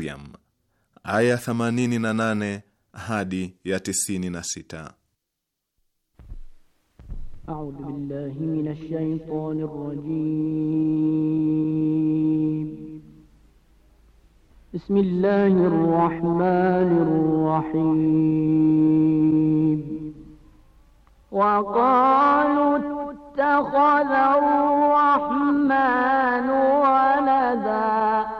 Maryam aya 88 hadi ya 96. A'udhu billahi minash shaitani rrajim. Bismillahir rahmanir rahim. Wa qalu ittakhadha ar-rahmanu walada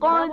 قد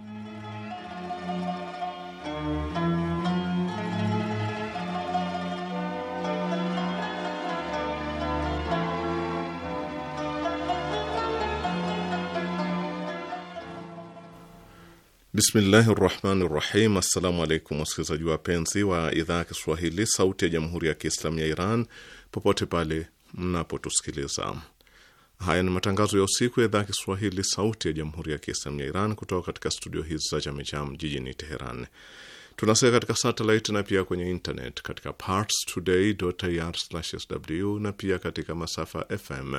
Bismillahi rahmani rahim. Assalamu alaikum wasikilizaji wapenzi wa idhaa ya Kiswahili sauti ya jamhuri ya Kiislamu ya Iran popote pale mnapotusikiliza. Haya ni matangazo ya usiku ya idhaa ya Kiswahili sauti ya jamhuri ya Kiislamu ya Iran kutoka katika studio hizi za Jamejam jijini Teheran. Tunasika katika satellite na pia kwenye internet katika parstoday.ir/sw na pia katika masafa FM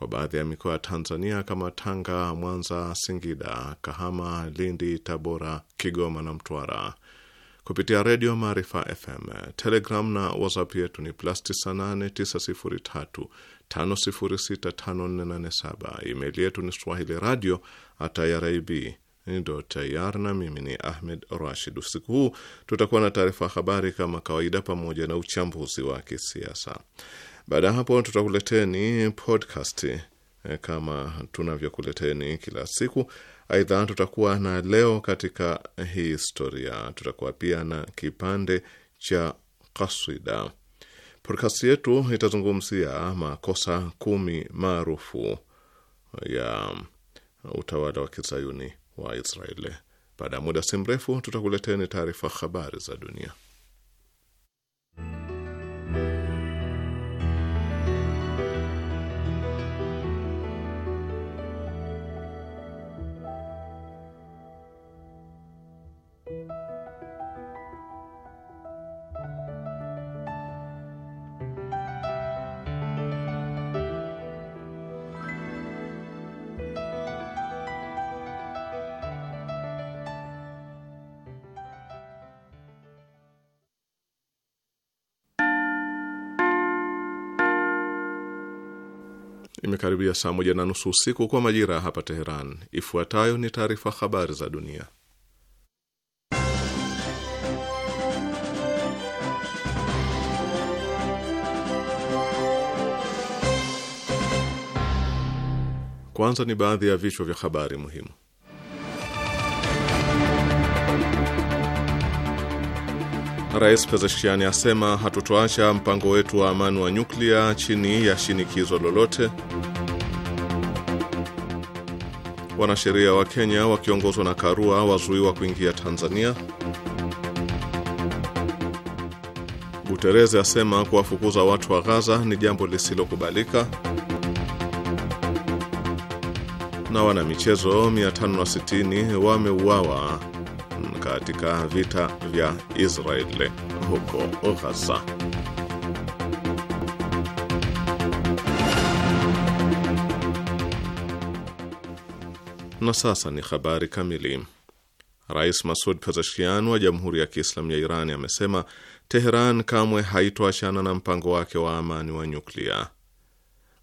kwa baadhi ya mikoa ya Tanzania kama Tanga, Mwanza, Singida, Kahama, Lindi, Tabora, Kigoma na Mtwara kupitia redio Maarifa FM. Telegram na WhatsApp yetu ni plus 989035065487. Email yetu ni swahili radio irib ndo tayar na mimi ni Ahmed Rashid. Usiku huu tutakuwa na taarifa habari kama kawaida, pamoja na uchambuzi wa kisiasa. Baada ya hapo, tutakuleteni podcast eh, kama tunavyokuleteni kila siku. Aidha, tutakuwa na leo katika historia, tutakuwa pia na kipande cha kaswida Podcast yetu itazungumzia makosa kumi maarufu ya utawala wa kizayuni wa Israeli. Baada ya muda si mrefu, tutakuleteni taarifa habari za dunia. imekaribia saa moja na nusu usiku kwa majira ya hapa Teheran. Ifuatayo ni taarifa habari za dunia. Kwanza ni baadhi ya vichwa vya habari muhimu. Rais Pezeshkiani asema hatutoacha mpango wetu wa amani wa nyuklia chini ya shinikizo lolote. Wanasheria wa Kenya wakiongozwa na Karua wazuiwa kuingia Tanzania. Guterres asema kuwafukuza watu wa Gaza ni jambo lisilokubalika. Na wanamichezo 560 wameuawa katika vita vya Israeli huko Gaza. Na sasa ni habari kamili. Rais Masud Pezeshkian wa Jamhuri ya Kiislamu ya Iran amesema Teheran kamwe haitoachana na mpango wake wa amani wa nyuklia.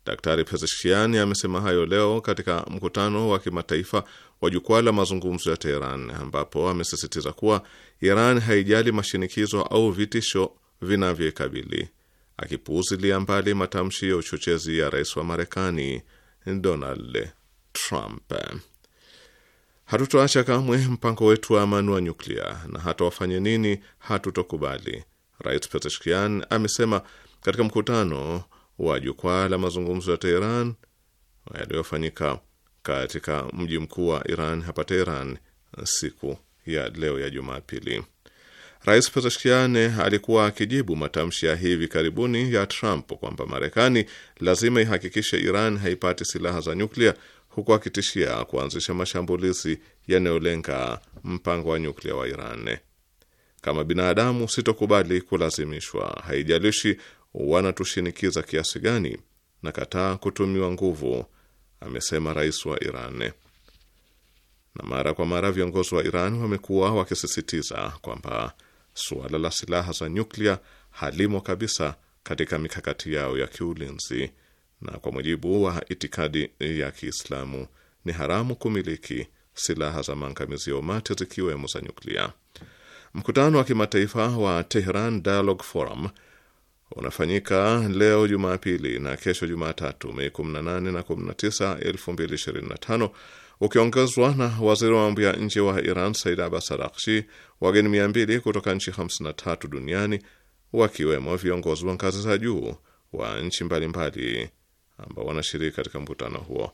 Daktari Pezeshkian amesema hayo leo katika mkutano wa kimataifa wa jukwaa la mazungumzo ya Teheran, ambapo amesisitiza kuwa Iran haijali mashinikizo au vitisho vinavyoikabili, akipuuzilia mbali matamshi ya uchochezi ya rais wa Marekani Donald Trump. Hatutoacha kamwe mpango wetu wa amani wa nyuklia na hata wafanye nini, hatutokubali, Rais Pezeshkian amesema katika mkutano wa jukwaa la mazungumzo ya Teheran yaliyofanyika katika mji mkuu wa Iran hapa Teheran siku ya leo ya Jumapili. Rais Pezeshkian alikuwa akijibu matamshi ya hivi karibuni ya Trump kwamba Marekani lazima ihakikishe Iran haipati silaha za nyuklia huku akitishia kuanzisha mashambulizi yanayolenga mpango wa nyuklia wa Iran. Kama binadamu, sitokubali kulazimishwa, haijalishi wanatushinikiza kiasi gani, na kataa kutumiwa nguvu, amesema rais wa Iran. Na mara kwa mara viongozi wa Iran wamekuwa wakisisitiza kwamba suala la silaha za nyuklia halimo kabisa katika mikakati yao ya kiulinzi na kwa mujibu wa itikadi ya Kiislamu ni haramu kumiliki silaha za maangamizi ya umati zikiwemo za nyuklia. Mkutano wa kimataifa wa Tehran Dialogue Forum unafanyika leo Jumapili na kesho Jumatatu, Mei 18 na 19, 2025 ukiongezwa na waziri wa mambo ya nje wa Iran Said Abbas Araghchi, wageni 200 kutoka nchi 53 duniani wakiwemo viongozi wa ngazi za juu wa nchi mbalimbali ambao wanashiriki katika mkutano huo.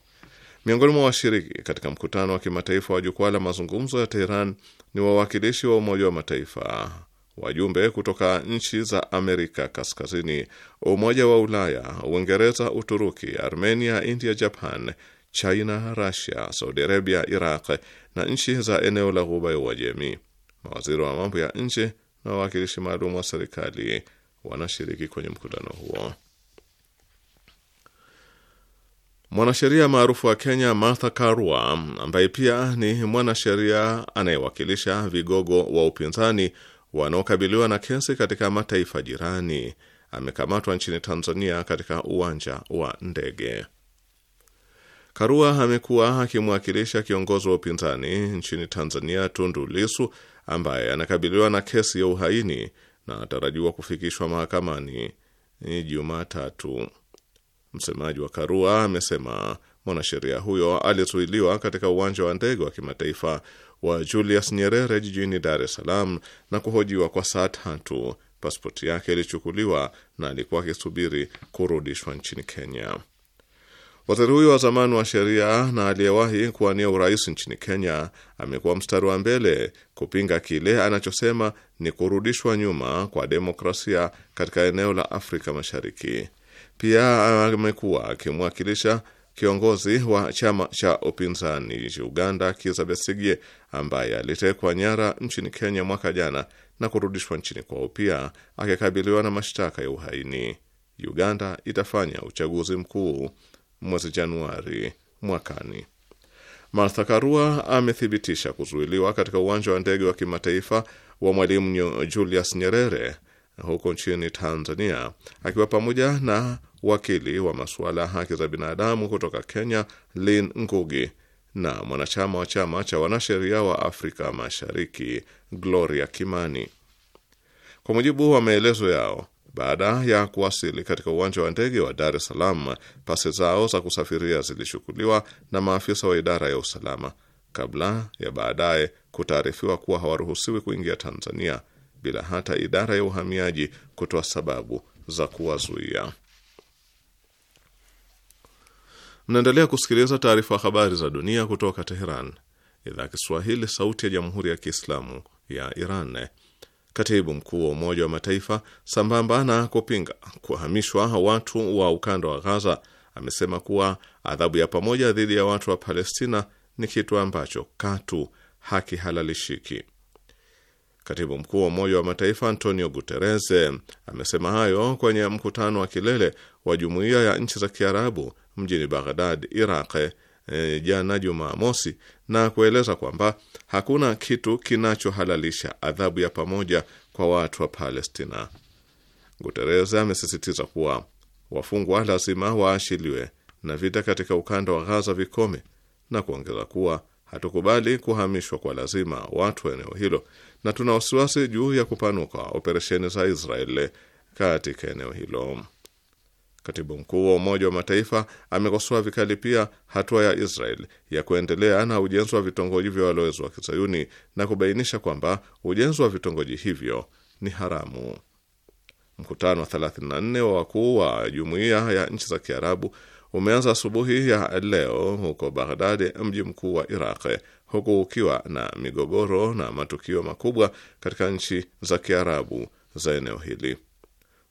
Miongoni mwa washiriki katika mkutano wa kimataifa wa jukwaa la mazungumzo ya Teheran ni wawakilishi wa Umoja wa Mataifa, wajumbe kutoka nchi za Amerika Kaskazini, Umoja wa Ulaya, Uingereza, Uturuki, Armenia, India, Japan, China, Russia, Saudi Arabia, Iraq na nchi za eneo la Ghuba ya Uajemi. Mawaziri wa mambo ya nje na wawakilishi maalum wa serikali wanashiriki kwenye mkutano huo. Mwanasheria maarufu wa Kenya Martha Karua, ambaye pia ni mwanasheria anayewakilisha vigogo wa upinzani wanaokabiliwa na kesi katika mataifa jirani, amekamatwa nchini Tanzania katika uwanja wa ndege. Karua amekuwa akimwakilisha kiongozi wa upinzani nchini Tanzania Tundu Lisu, ambaye anakabiliwa na kesi ya uhaini na anatarajiwa kufikishwa mahakamani Jumatatu. Msemaji wa Karua amesema mwanasheria huyo alizuiliwa katika uwanja wa ndege wa kimataifa wa Julius Nyerere jijini Dar es Salaam na kuhojiwa kwa saa tatu. Pasipoti yake ilichukuliwa na alikuwa akisubiri kurudishwa nchini Kenya. Waziri huyo wa zamani wa sheria na aliyewahi kuwania urais nchini Kenya amekuwa mstari wa mbele kupinga kile anachosema ni kurudishwa nyuma kwa demokrasia katika eneo la Afrika Mashariki. Pia amekuwa akimwakilisha kiongozi wa chama cha upinzani Uganda Kizza Besigye ambaye alitekwa nyara nchini Kenya mwaka jana na kurudishwa nchini kwao, pia akikabiliwa na mashtaka ya uhaini. Uganda itafanya uchaguzi mkuu mwezi Januari mwakani. Martha Karua amethibitisha kuzuiliwa katika uwanja wa ndege wa kimataifa wa Mwalimu Julius Nyerere huko nchini Tanzania, akiwa pamoja na wakili wa masuala ya haki za binadamu kutoka Kenya, Lin Ngugi, na mwanachama wa chama cha wanasheria wa Afrika Mashariki, Gloria Kimani. Kwa mujibu wa maelezo yao, baada ya kuwasili katika uwanja wa ndege wa Dar es Salaam, pasi zao za kusafiria zilichukuliwa na maafisa wa idara ya usalama kabla ya baadaye kutaarifiwa kuwa hawaruhusiwi kuingia Tanzania bila hata idara ya uhamiaji kutoa sababu za kuwazuia. Mnaendelea kusikiliza taarifa ya habari za dunia kutoka Teheran, idhaa Kiswahili, sauti ya jamhuri ya kiislamu ya Iran. Katibu mkuu wa Umoja wa Mataifa, sambamba na kupinga kuhamishwa watu wa ukanda wa Gaza, amesema kuwa adhabu ya pamoja dhidi ya watu wa Palestina ni kitu ambacho katu hakihalalishiki. Katibu mkuu wa Umoja wa Mataifa Antonio Guterres eh, amesema hayo kwenye mkutano wa kilele wa Jumuiya ya Nchi za Kiarabu mjini Baghdad, Iraq, e, jana Jumamosi, na kueleza kwamba hakuna kitu kinachohalalisha adhabu ya pamoja kwa watu wa Palestina. Guterres amesisitiza kuwa wafungwa lazima waachiliwe na vita katika ukanda wa Ghaza vikome, na kuongeza kuwa hatukubali kuhamishwa kwa lazima watu wa eneo hilo na tuna wasiwasi juu ya kupanuka operesheni za Israel katika eneo hilo. Katibu mkuu wa Umoja wa Mataifa amekosoa vikali pia hatua ya Israel ya kuendelea na ujenzi wa vitongoji vya walowezi wa kizayuni na kubainisha kwamba ujenzi wa vitongoji hivyo ni haramu. Mkutano wa 34 wa wakuu wa Jumuiya ya Nchi za Kiarabu umeanza asubuhi ya leo huko Baghdadi, mji mkuu wa Iraq, huku ukiwa na migogoro na matukio makubwa katika nchi za Kiarabu za eneo hili.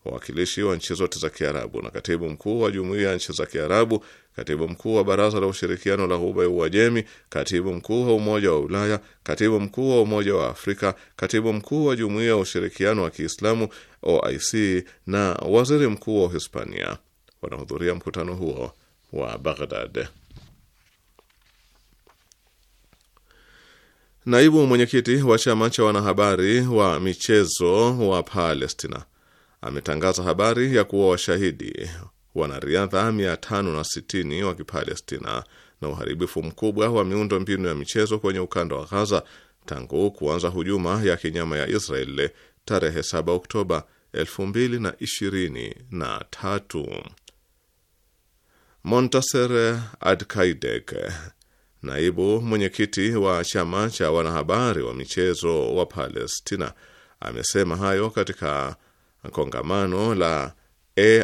Wawakilishi wa nchi zote za Kiarabu na katibu mkuu wa jumuiya ya nchi za Kiarabu, katibu mkuu wa baraza la ushirikiano la Ghuba ya Uajemi, katibu mkuu wa Umoja wa Ulaya, katibu mkuu wa Umoja wa Afrika, katibu mkuu wa jumuiya ya ushirikiano wa Kiislamu OIC na waziri mkuu wa Hispania wanahudhuria mkutano huo wa Baghdad. Naibu mwenyekiti wa chama cha wanahabari wa michezo wa Palestina ametangaza habari ya kuwa washahidi wanariadha 560 wa Kipalestina na uharibifu mkubwa wa miundo mbinu ya michezo kwenye ukanda wa Ghaza tangu kuanza hujuma ya kinyama ya Israel tarehe 7 Oktoba 2023. Montasser Adkaidek Naibu mwenyekiti wa chama cha wanahabari wa michezo wa Palestina amesema hayo katika kongamano la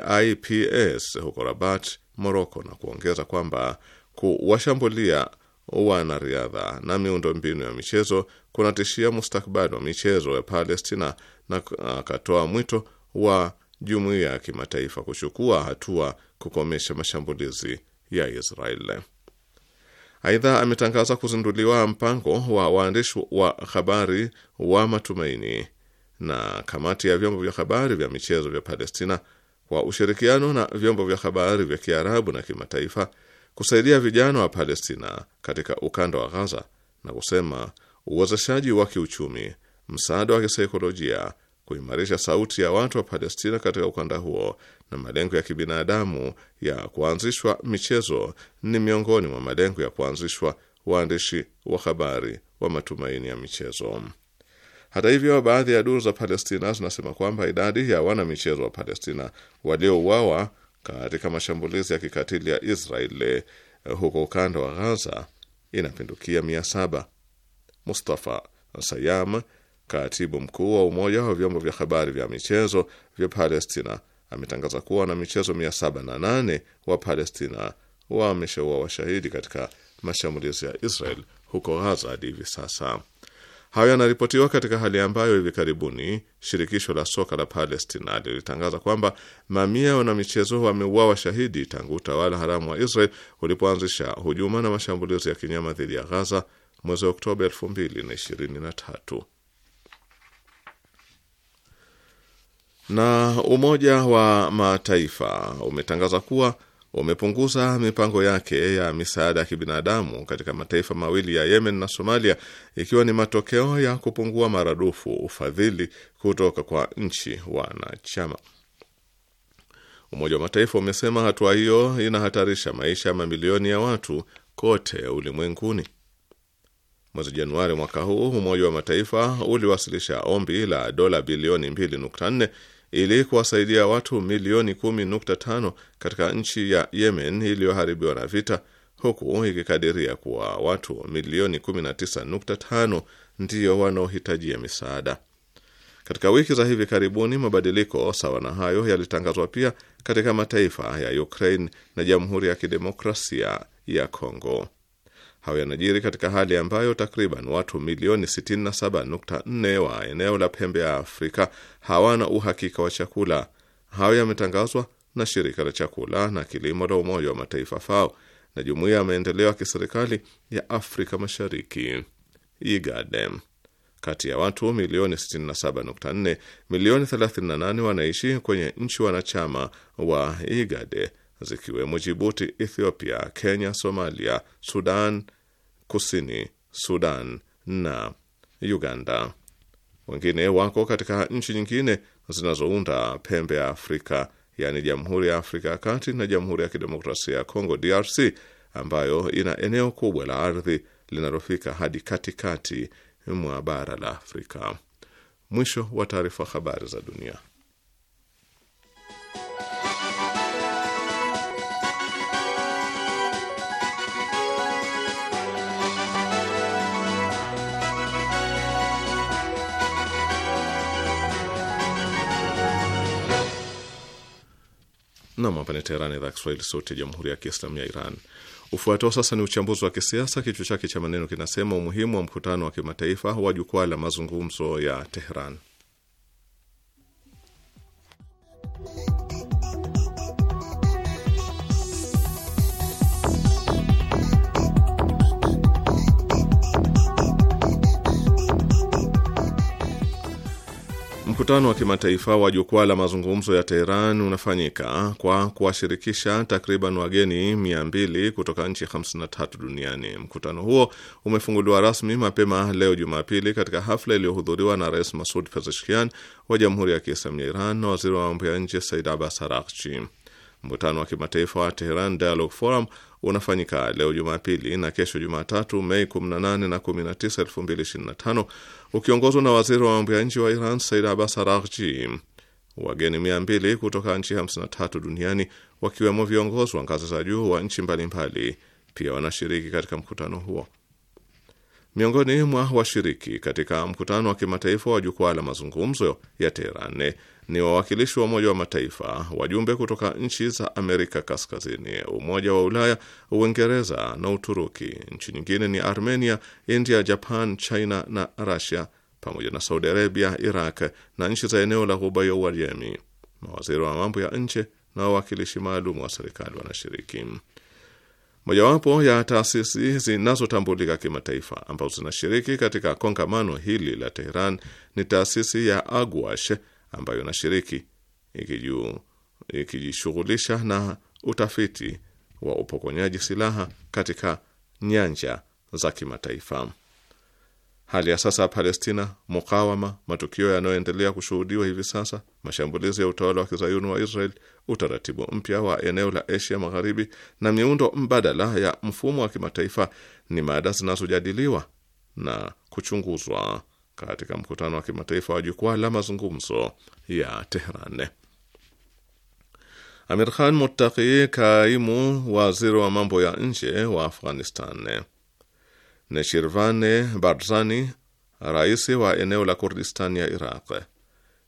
AIPS huko Rabat, Moroko, na kuongeza kwamba kuwashambulia wanariadha na miundo mbinu ya michezo kunatishia mustakabali wa michezo ya Palestina, na akatoa mwito wa jumuiya ya kimataifa kuchukua hatua kukomesha mashambulizi ya Israeli. Aidha, ametangaza kuzinduliwa mpango wa waandishi wa habari wa Matumaini na kamati ya vyombo vya habari vya michezo vya Palestina kwa ushirikiano na vyombo vya habari vya Kiarabu na kimataifa kusaidia vijana wa Palestina katika ukanda wa Ghaza na kusema uwezeshaji wa kiuchumi, msaada wa kisaikolojia, kuimarisha sauti ya watu wa Palestina katika ukanda huo na malengo ya kibinadamu ya kuanzishwa michezo ni miongoni mwa malengo ya kuanzishwa waandishi wa habari wa matumaini ya michezo. Hata hivyo, baadhi ya duru za Palestina zinasema kwamba idadi ya wanamichezo wa Palestina waliouawa katika mashambulizi ya kikatili ya Israeli huko ukanda wa Ghaza inapindukia mia saba. Mustafa Sayam, katibu mkuu wa Umoja wa Vyombo vya Habari vya Michezo vya Palestina, ametangaza kuwa na michezo 708 wa Palestina wameshaua washahidi katika mashambulizi ya Israel huko Gaza hadi hivi sasa. Hayo yanaripotiwa katika hali ambayo hivi karibuni shirikisho la soka la Palestina lilitangaza kwamba mamia wana michezo wameuawa washahidi tangu utawala haramu wa Israel ulipoanzisha hujuma na mashambulizi ya kinyama dhidi ya Gaza mwezi Oktoba 2023. Na Umoja wa Mataifa umetangaza kuwa umepunguza mipango yake ya misaada ya kibinadamu katika mataifa mawili ya Yemen na Somalia, ikiwa ni matokeo ya kupungua maradufu ufadhili kutoka kwa nchi wanachama. Umoja wa Mataifa umesema hatua hiyo inahatarisha maisha ya mamilioni ya watu kote ulimwenguni. Mwezi Januari mwaka huu Umoja wa Mataifa uliwasilisha ombi la dola bilioni 2.4 ili kuwasaidia watu milioni 10.5 katika nchi ya Yemen iliyoharibiwa na vita, huku ikikadiria kuwa watu milioni 19.5 ndiyo wanaohitajia misaada. Katika wiki za hivi karibuni, mabadiliko sawa na hayo yalitangazwa pia katika mataifa ya Ukraine na Jamhuri ya Kidemokrasia ya Kongo. Hayo yanajiri katika hali ambayo takriban watu milioni 67.4 wa eneo la pembe ya Afrika hawana uhakika wa chakula. Hayo yametangazwa na shirika la chakula na kilimo la Umoja wa Mataifa FAO na jumuiya ya maendeleo ya kiserikali ya Afrika Mashariki IGAD. E Kati ya watu milioni 67.4, milioni 38 wanaishi kwenye nchi wanachama wa IGAD e, zikiwemo Jibuti, Ethiopia, Kenya, Somalia, Sudan, Kusini, Sudan na Uganda. Wengine wako katika nchi nyingine zinazounda pembe ya Afrika, yaani Jamhuri ya Afrika ya Kati na Jamhuri ya Kidemokrasia ya Kongo, DRC, ambayo ina eneo kubwa la ardhi linalofika hadi katikati mwa bara la Afrika. Mwisho wa taarifa. Habari za dunia. Nam, hapa ni Teherani, idhaa Kiswahili, sauti ya jamhuri ya kiislamu ya Iran. Ufuatao sasa ni uchambuzi wa kisiasa, kichwa chake cha maneno kinasema umuhimu wa mkutano wa kimataifa wa jukwaa la mazungumzo ya Teheran. Mkutano wa kimataifa wa jukwaa la mazungumzo ya Teheran unafanyika kwa kuwashirikisha takriban wageni 200 kutoka nchi 53 duniani. Mkutano huo umefunguliwa rasmi mapema leo Jumapili katika hafla iliyohudhuriwa na Rais Masud Pezeshkian wa Jamhuri ya Kiislamu ya Iran na Waziri wa Mambo ya Nje Said Abbas Araghchi. Mkutano wa kimataifa wa Teheran Dialogue Forum unafanyika leo Jumapili na kesho Jumatatu Mei 18 na 19, 2025 ukiongozwa na waziri wa mambo ya nje wa Iran Said Abbas Araghchi. Wageni mbili kutoka nchi 53 duniani wakiwemo viongozi wa ngazi za juu wa nchi mbalimbali pia wanashiriki katika mkutano huo. Miongoni mwa washiriki katika mkutano wa kimataifa wa jukwaa la mazungumzo ya Teheran ni wawakilishi wa Umoja wa Mataifa, wajumbe kutoka nchi za Amerika Kaskazini, Umoja wa Ulaya, Uingereza na Uturuki. Nchi nyingine ni Armenia, India, Japan, China na rasia pamoja na Saudi Arabia, Iraq na nchi za eneo la Ghuba ya Uajemi. Mawaziri wa mambo ya nje na wawakilishi maalum wa serikali wanashiriki. Mojawapo ya taasisi zinazotambulika kimataifa ambazo zinashiriki katika kongamano hili la Teheran ni taasisi ya Agwash ambayo inashiriki ikijishughulisha na utafiti wa upokonyaji silaha katika nyanja za kimataifa. Hali ya sasa ya Palestina, mukawama, matukio yanayoendelea kushuhudiwa hivi sasa, mashambulizi ya utawala wa kizayuni wa Israel, utaratibu mpya wa eneo la Asia Magharibi na miundo mbadala ya mfumo wa kimataifa ni mada zinazojadiliwa na kuchunguzwa katika mkutano wa kimataifa wa jukwaa la mazungumzo ya Tehran. Amir Khan Muttaqi, kaimu waziri wa mambo ya nje wa Afghanistan, Neshirvane Barzani, rais wa eneo la Kurdistan ya Iraq,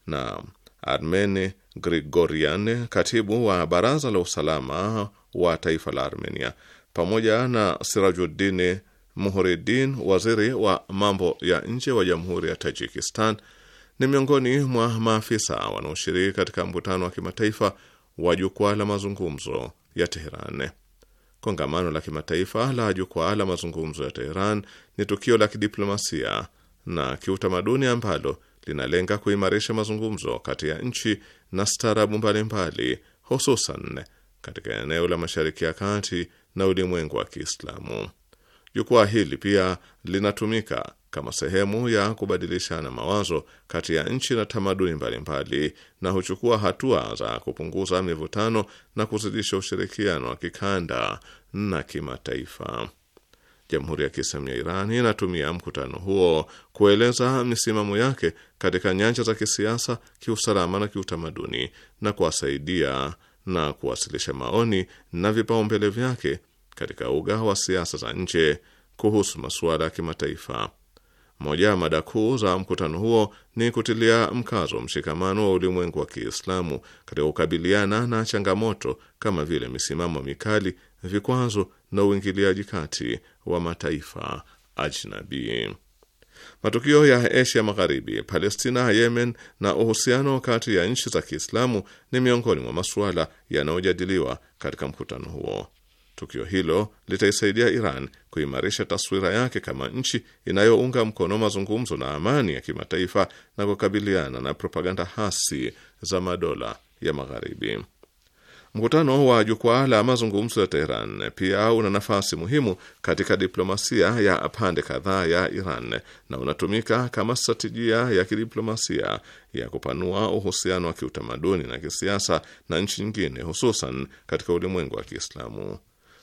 na Armeni Grigorian, katibu wa baraza la usalama wa taifa la Armenia, pamoja na Sirajuddini Muhuridin, waziri wa mambo ya nje wa Jamhuri ya Tajikistan, ni miongoni mwa maafisa wanaoshiriki katika mkutano wa kimataifa wa jukwaa la mazungumzo ya Teheran. Kongamano la kimataifa la jukwaa la mazungumzo ya Teheran ni tukio la kidiplomasia na kiutamaduni ambalo linalenga kuimarisha mazungumzo kati ya nchi na staarabu mbalimbali, hususan katika eneo la Mashariki ya Kati na ulimwengu wa Kiislamu. Jukwaa hili pia linatumika kama sehemu ya kubadilishana mawazo kati ya nchi na tamaduni mbalimbali na huchukua hatua za kupunguza mivutano na kuzidisha ushirikiano wa kikanda na kimataifa. Jamhuri ya Kiislamu ya Iran inatumia mkutano huo kueleza misimamo yake katika nyanja za kisiasa, kiusalama na kiutamaduni na kuwasaidia na kuwasilisha maoni na vipaumbele vyake katika uga wa siasa za nje kuhusu masuala ya kimataifa. Moja ya mada kuu za mkutano huo ni kutilia mkazo mshikamano wa ulimwengu wa Kiislamu katika kukabiliana na changamoto kama vile misimamo mikali, vikwazo na uingiliaji kati wa mataifa ajnabii. Matukio ya Asia Magharibi, Palestina, Yemen na uhusiano kati ya nchi za Kiislamu ni miongoni mwa masuala yanayojadiliwa katika mkutano huo. Tukio hilo litaisaidia Iran kuimarisha taswira yake kama nchi inayounga mkono mazungumzo na amani ya kimataifa na kukabiliana na propaganda hasi za madola ya Magharibi. Mkutano wa jukwaa la mazungumzo ya Teheran pia una nafasi muhimu katika diplomasia ya pande kadhaa ya Iran na unatumika kama stratejia ya kidiplomasia ya kupanua uhusiano wa kiutamaduni na kisiasa na nchi nyingine, hususan katika ulimwengu wa Kiislamu.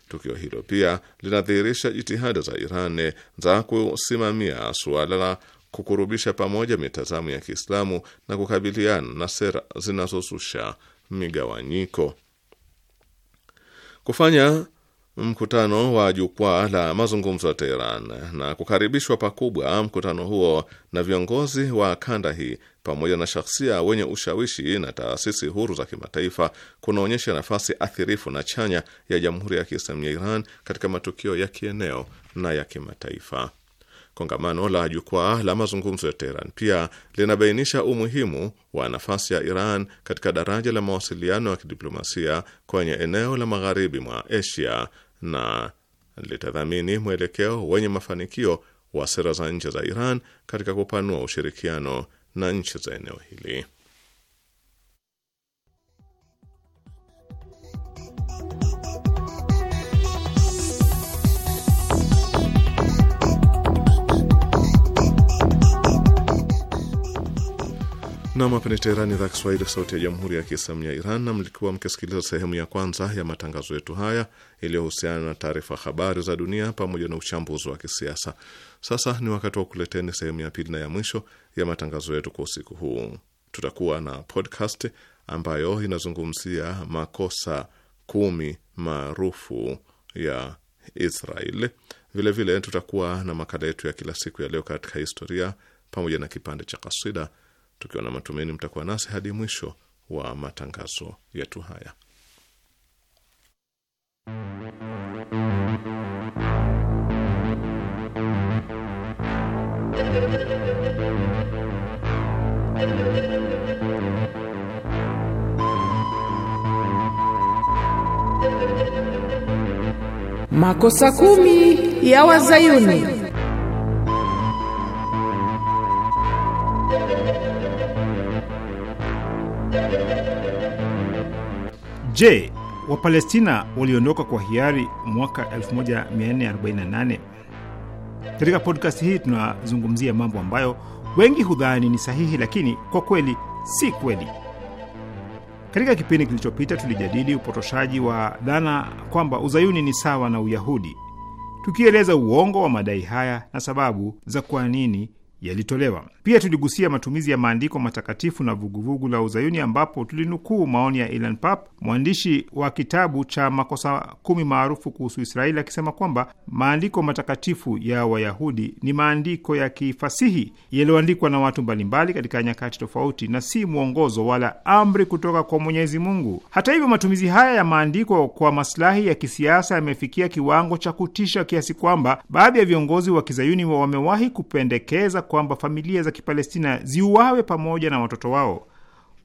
Tukio hilo pia linadhihirisha jitihada za Iran za kusimamia suala la kukurubisha pamoja mitazamo ya Kiislamu na kukabiliana na sera zinazozusha migawanyiko. Kufanya mkutano wa jukwaa la mazungumzo ya Teheran na kukaribishwa pakubwa mkutano huo na viongozi wa kanda hii pamoja na shahsia wenye ushawishi na taasisi huru za kimataifa kunaonyesha nafasi athirifu na chanya ya Jamhuri ya Kiislamu ya Iran katika matukio ya kieneo na ya kimataifa. Kongamano la jukwaa la mazungumzo ya Teheran pia linabainisha umuhimu wa nafasi ya Iran katika daraja la mawasiliano ya kidiplomasia kwenye eneo la magharibi mwa Asia na litadhamini mwelekeo wenye mafanikio wa sera za nje za Iran katika kupanua ushirikiano na nchi za eneo hili. Nam, hapa ni Teherani, idhaa Kiswahili, sauti ya jamhuri ya kiislamu ya Iran, na mlikuwa mkisikiliza sehemu ya kwanza ya matangazo yetu haya iliyohusiana na taarifa habari za dunia pamoja na uchambuzi wa kisiasa. Sasa ni wakati wa kuleteni sehemu ya pili na ya mwisho ya matangazo yetu kwa usiku huu. Tutakuwa na podcast ambayo inazungumzia makosa kumi maarufu ya Israel. Vilevile tutakuwa na makala yetu ya kila siku ya leo katika historia pamoja na kipande cha kasida tukiwa na matumaini mtakuwa nasi hadi mwisho wa matangazo yetu haya. Makosa kumi ya Wazayuni. Je, Wapalestina waliondoka kwa hiari mwaka 1448? Katika podcast hii tunazungumzia mambo ambayo wengi hudhani ni sahihi, lakini kwa kweli si kweli. Katika kipindi kilichopita tulijadili upotoshaji wa dhana kwamba uzayuni ni sawa na Uyahudi, tukieleza uongo wa madai haya na sababu za kwa nini yalitolewa. Pia tuligusia matumizi ya maandiko matakatifu na vuguvugu la Uzayuni, ambapo tulinukuu maoni ya Ilan Pap, mwandishi wa kitabu cha makosa kumi maarufu kuhusu Israeli, akisema kwamba maandiko matakatifu ya Wayahudi ni maandiko ya kifasihi yaliyoandikwa na watu mbalimbali katika nyakati tofauti na si mwongozo wala amri kutoka kwa Mwenyezi Mungu. Hata hivyo, matumizi haya ya maandiko kwa masilahi ya kisiasa yamefikia kiwango cha kutisha kiasi kwamba baadhi ya viongozi wa Kizayuni wamewahi kupendekeza kwamba familia za Kipalestina ziuawe pamoja na watoto wao.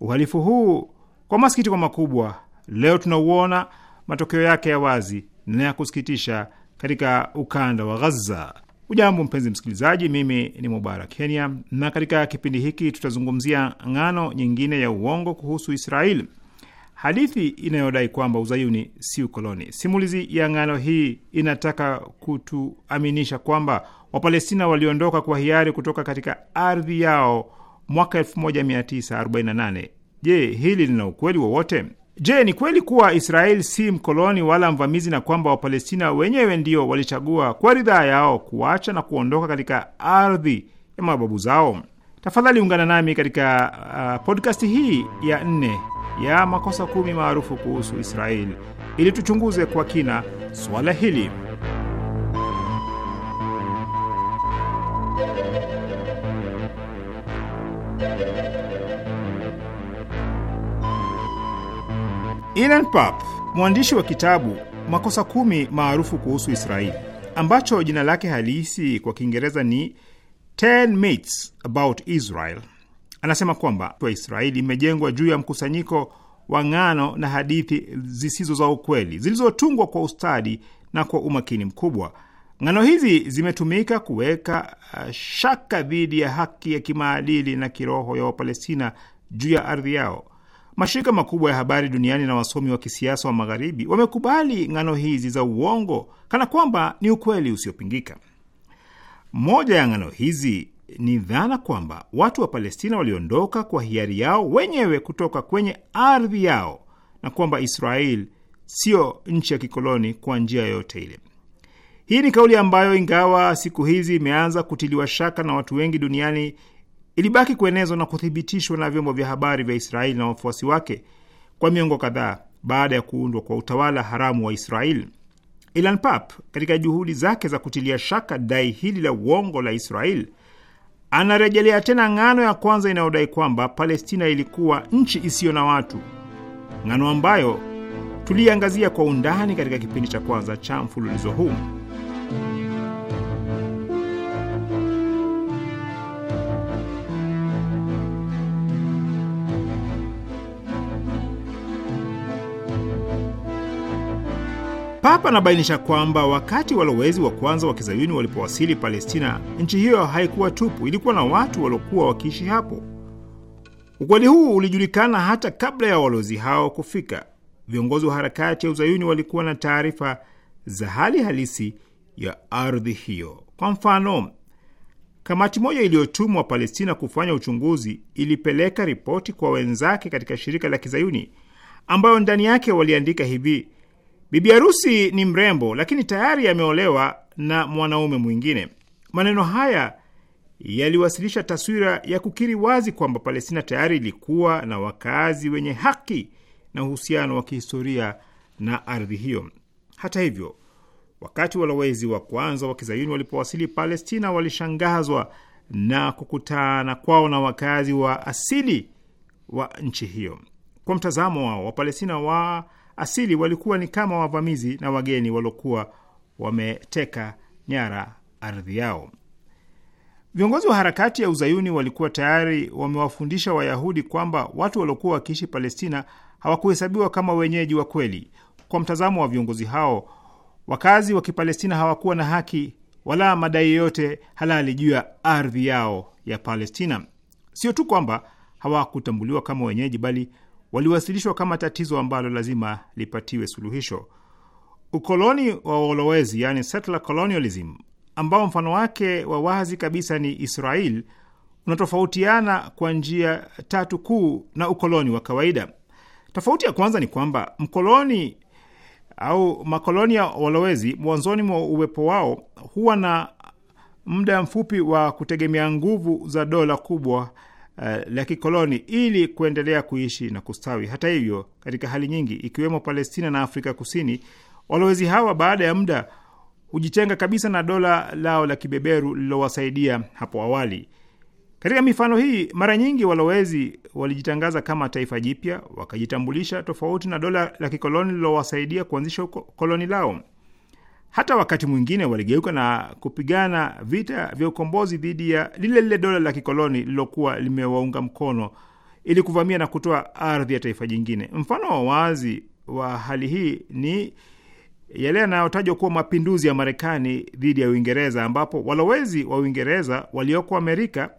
Uhalifu huu kwa masikitiko makubwa, leo tunauona matokeo yake ya wazi na ya kusikitisha katika ukanda wa Ghaza. Ujambo mpenzi msikilizaji, mimi ni Mubarak Kenya, na katika kipindi hiki tutazungumzia ngano nyingine ya uongo kuhusu Israel, hadithi inayodai kwamba uzayuni si ukoloni. Simulizi ya ngano hii inataka kutuaminisha kwamba Wapalestina waliondoka kwa hiari kutoka katika ardhi yao mwaka 1948. Je, hili lina ukweli wowote? Je, ni kweli kuwa Israeli si mkoloni wala mvamizi na kwamba Wapalestina wenyewe ndio walichagua kwa ridhaa yao kuacha na kuondoka katika ardhi ya mababu zao? Tafadhali ungana nami katika uh, podkasti hii ya nne ya makosa kumi maarufu kuhusu Israeli ili tuchunguze kwa kina suala hili. Ilan Pappe, mwandishi wa kitabu Makosa Kumi maarufu kuhusu Israeli, ambacho jina lake halisi kwa Kiingereza ni Ten Myths About Israel, anasema kwamba Israeli imejengwa juu ya mkusanyiko wa ngano na hadithi zisizo za ukweli zilizotungwa kwa ustadi na kwa umakini mkubwa. Ngano hizi zimetumika kuweka uh, shaka dhidi ya haki ya kimaadili na kiroho ya Wapalestina juu ya ardhi yao. Mashirika makubwa ya habari duniani na wasomi wa kisiasa wa Magharibi wamekubali ng'ano hizi za uongo kana kwamba ni ukweli usiopingika. Moja ya ng'ano hizi ni dhana kwamba watu wa Palestina waliondoka kwa hiari yao wenyewe kutoka kwenye ardhi yao na kwamba Israel siyo nchi ya kikoloni kwa njia yoyote ile. Hii ni kauli ambayo ingawa siku hizi imeanza kutiliwa shaka na watu wengi duniani, ilibaki kuenezwa na kuthibitishwa na vyombo vya habari vya Israeli na wafuasi wake kwa miongo kadhaa baada ya kuundwa kwa utawala haramu wa Israeli. Ilan Pap, katika juhudi zake za kutilia shaka dai hili la uongo la Israeli, anarejelea tena ng'ano ya kwanza inayodai kwamba Palestina ilikuwa nchi isiyo na watu, ng'ano ambayo tuliiangazia kwa undani katika kipindi cha kwanza cha mfululizo huu. Papa anabainisha kwamba wakati walowezi wa kwanza wa kizayuni walipowasili Palestina, nchi hiyo haikuwa tupu, ilikuwa na watu waliokuwa wakiishi hapo. Ukweli huu ulijulikana hata kabla ya walowezi hao kufika. Viongozi wa harakati ya uzayuni walikuwa na taarifa za hali halisi ya ardhi hiyo. Kwa mfano, kamati moja iliyotumwa Palestina kufanya uchunguzi ilipeleka ripoti kwa wenzake katika shirika la kizayuni ambayo ndani yake waliandika hivi: Bibi harusi ni mrembo, lakini tayari ameolewa na mwanaume mwingine. Maneno haya yaliwasilisha taswira ya kukiri wazi kwamba Palestina tayari ilikuwa na wakazi wenye haki na uhusiano wa kihistoria na ardhi hiyo. Hata hivyo, wakati walowezi wa kwanza wa kizayuni walipowasili Palestina, walishangazwa na kukutana kwao na wakazi wa asili wa nchi hiyo. Kwa mtazamo wao, Wapalestina wa asili walikuwa ni kama wavamizi na wageni waliokuwa wameteka nyara ardhi yao. Viongozi wa harakati ya uzayuni walikuwa tayari wamewafundisha Wayahudi kwamba watu waliokuwa wakiishi Palestina hawakuhesabiwa kama wenyeji wa kweli. Kwa mtazamo wa viongozi hao, wakazi wa Kipalestina hawakuwa na haki wala madai yoyote halali juu ya ardhi yao ya Palestina. Sio tu kwamba hawakutambuliwa kama wenyeji, bali waliwasilishwa kama tatizo ambalo lazima lipatiwe suluhisho. Ukoloni wa walowezi, yani settler colonialism, ambao mfano wake wa wazi kabisa ni Israel, unatofautiana kwa njia tatu kuu na ukoloni wa kawaida. Tofauti ya kwanza ni kwamba mkoloni au makolonia walowezi mwanzoni mwa uwepo wao huwa na muda mfupi wa kutegemea nguvu za dola kubwa uh, la kikoloni ili kuendelea kuishi na kustawi. Hata hivyo, katika hali nyingi, ikiwemo Palestina na Afrika Kusini, walowezi hawa baada ya muda hujitenga kabisa na dola lao la kibeberu lililowasaidia hapo awali. Katika mifano hii, mara nyingi walowezi walijitangaza kama taifa jipya, wakajitambulisha tofauti na dola la kikoloni lililowasaidia kuanzisha koloni lao. Hata wakati mwingine waligeuka na kupigana vita vya ukombozi dhidi ya lile lile dola la kikoloni lililokuwa limewaunga mkono ili kuvamia na kutoa ardhi ya taifa jingine. Mfano wa wazi wa hali hii ni yale yanayotajwa kuwa mapinduzi ya Marekani dhidi ya Uingereza, ambapo walowezi wa Uingereza walioko Amerika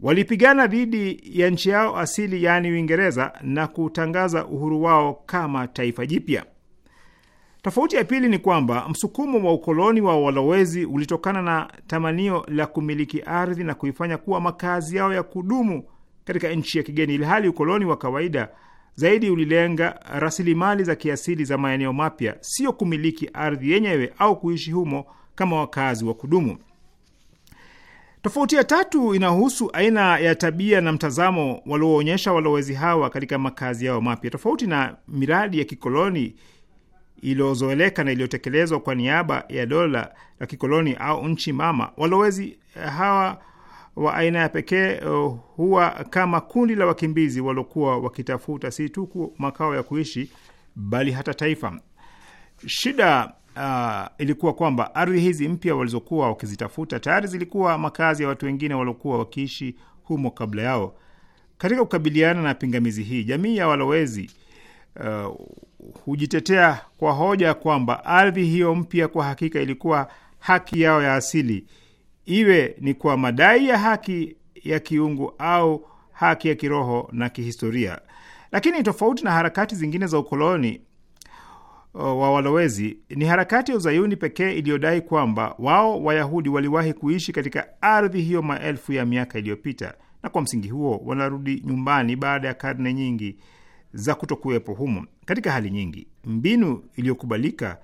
walipigana dhidi ya nchi yao asili, yaani Uingereza, na kutangaza uhuru wao kama taifa jipya. Tofauti ya pili ni kwamba msukumo wa ukoloni wa walowezi ulitokana na tamanio la kumiliki ardhi na kuifanya kuwa makazi yao ya kudumu katika nchi ya kigeni, ilhali ukoloni wa kawaida zaidi ulilenga rasilimali za kiasili za maeneo mapya, sio kumiliki ardhi yenyewe au kuishi humo kama wakazi wa kudumu. Tofauti ya tatu inahusu aina ya tabia na mtazamo walioonyesha walowezi hawa katika makazi yao mapya. Tofauti na miradi ya kikoloni iliyozoeleka na iliyotekelezwa kwa niaba ya dola la kikoloni au nchi mama. Walowezi eh, hawa wa aina ya pekee eh, huwa kama kundi la wakimbizi waliokuwa wakitafuta si tu makao ya kuishi, bali hata taifa. Shida uh, ilikuwa kwamba ardhi hizi mpya walizokuwa wakizitafuta tayari zilikuwa makazi ya watu wengine waliokuwa wakiishi humo kabla yao. Katika kukabiliana na pingamizi hii, jamii ya walowezi uh, hujitetea kwa hoja kwamba ardhi hiyo mpya kwa hakika ilikuwa haki yao ya asili, iwe ni kwa madai ya haki ya kiungu au haki ya kiroho na kihistoria. Lakini tofauti na harakati zingine za ukoloni wa walowezi, ni harakati ya uzayuni pekee iliyodai kwamba wao Wayahudi waliwahi kuishi katika ardhi hiyo maelfu ya miaka iliyopita, na kwa msingi huo wanarudi nyumbani baada ya karne nyingi za kutokuwepo humo. Katika hali nyingi, mbinu iliyokubalika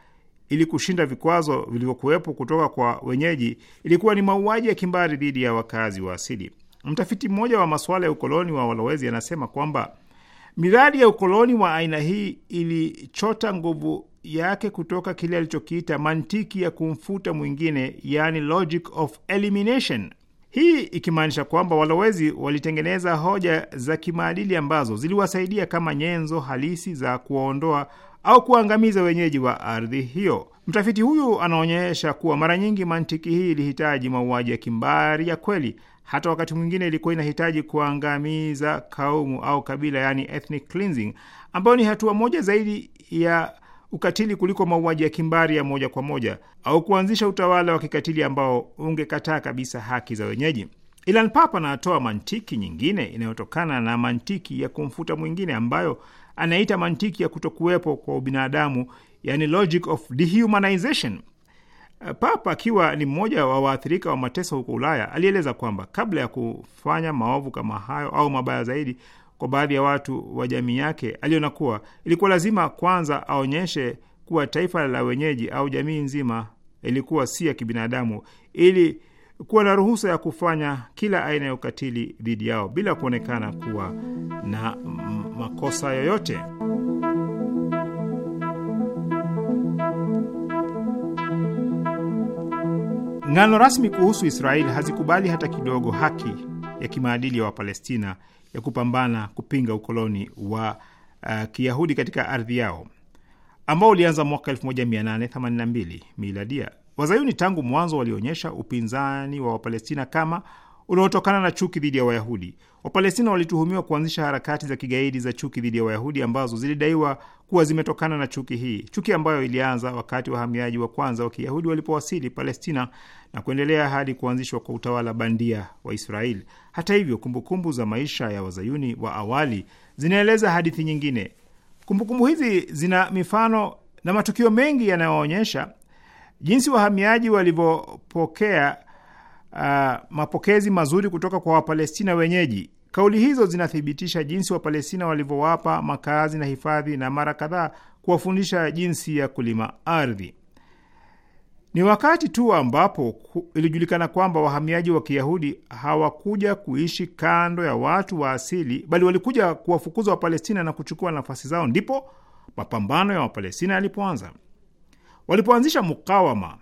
ili kushinda vikwazo vilivyokuwepo kutoka kwa wenyeji ilikuwa ni mauaji ya kimbari dhidi ya wakazi wa asili. Mtafiti mmoja wa masuala ya ukoloni wa walowezi anasema kwamba miradi ya ukoloni wa aina hii ilichota nguvu yake kutoka kile alichokiita mantiki ya kumfuta mwingine, yani logic of elimination hii ikimaanisha kwamba walowezi walitengeneza hoja za kimaadili ambazo ziliwasaidia kama nyenzo halisi za kuwaondoa au kuwaangamiza wenyeji wa ardhi hiyo. Mtafiti huyu anaonyesha kuwa mara nyingi mantiki hii ilihitaji mauaji ya kimbari ya kweli. Hata wakati mwingine ilikuwa inahitaji kuangamiza kaumu au kabila, yani ethnic cleansing, ambayo ni hatua moja zaidi ya ukatili kuliko mauaji ya kimbari ya moja kwa moja au kuanzisha utawala wa kikatili ambao ungekataa kabisa haki za wenyeji. Ilan Papa anatoa mantiki nyingine inayotokana na mantiki ya kumfuta mwingine ambayo anaita mantiki ya kutokuwepo kwa ubinadamu, yani logic of dehumanization. Papa akiwa ni mmoja wa waathirika wa mateso huko Ulaya alieleza kwamba kabla ya kufanya maovu kama hayo au mabaya zaidi, kwa baadhi ya watu wa jamii yake, aliona kuwa ilikuwa lazima kwanza aonyeshe kuwa taifa la wenyeji au jamii nzima ilikuwa si ya kibinadamu ili kuwa na ruhusa ya kufanya kila aina ya ukatili dhidi yao bila kuonekana kuwa na makosa yoyote. Ngano rasmi kuhusu Israeli hazikubali hata kidogo haki ya kimaadili ya Wapalestina ya kupambana kupinga ukoloni wa uh, Kiyahudi katika ardhi yao ambao ulianza mwaka 1882 miladia. Wazayuni tangu mwanzo walionyesha upinzani wa Wapalestina kama unaotokana na chuki dhidi ya Wayahudi. Wapalestina walituhumiwa kuanzisha harakati za kigaidi za chuki dhidi ya Wayahudi ambazo zilidaiwa kuwa zimetokana na chuki hii, chuki ambayo ilianza wakati wahamiaji wa kwanza wa Kiyahudi walipowasili Palestina na kuendelea hadi kuanzishwa kwa utawala bandia wa Israeli. Hata hivyo, kumbukumbu za maisha ya wazayuni wa awali zinaeleza hadithi nyingine. Kumbukumbu hizi zina mifano na matukio mengi yanayoonyesha jinsi wahamiaji walivyopokea uh, mapokezi mazuri kutoka kwa Wapalestina wenyeji. Kauli hizo zinathibitisha jinsi Wapalestina walivyowapa makazi na hifadhi na mara kadhaa kuwafundisha jinsi ya kulima ardhi. Ni wakati tu ambapo ilijulikana kwamba wahamiaji wa Kiyahudi hawakuja kuishi kando ya watu wa asili, bali walikuja kuwafukuza Wapalestina na kuchukua nafasi zao, ndipo mapambano ya Wapalestina yalipoanza. Walipoanzisha mukawama,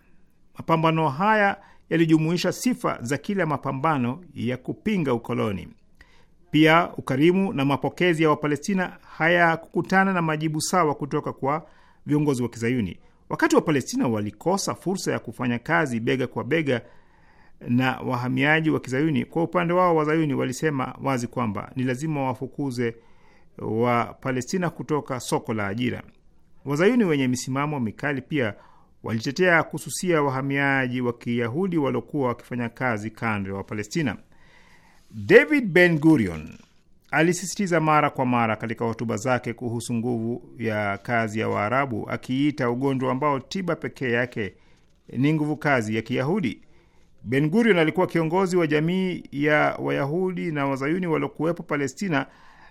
mapambano haya yalijumuisha sifa za kila mapambano ya kupinga ukoloni. Pia ukarimu na mapokezi ya Wapalestina hayakukutana na majibu sawa kutoka kwa viongozi wa Kizayuni. Wakati Wapalestina walikosa fursa ya kufanya kazi bega kwa bega na wahamiaji wa Kizayuni, kwa upande wao Wazayuni walisema wazi kwamba ni lazima wafukuze wa palestina kutoka soko la ajira. Wazayuni wenye misimamo mikali pia walitetea kususia wahamiaji wa Kiyahudi waliokuwa wakifanya kazi kando ya Wapalestina. David Ben Gurion, Alisisitiza mara kwa mara katika hotuba zake kuhusu nguvu ya kazi ya Waarabu, akiita ugonjwa ambao tiba pekee yake ni nguvu kazi ya Kiyahudi. Ben Gurion alikuwa kiongozi wa jamii ya Wayahudi na Wazayuni waliokuwepo Palestina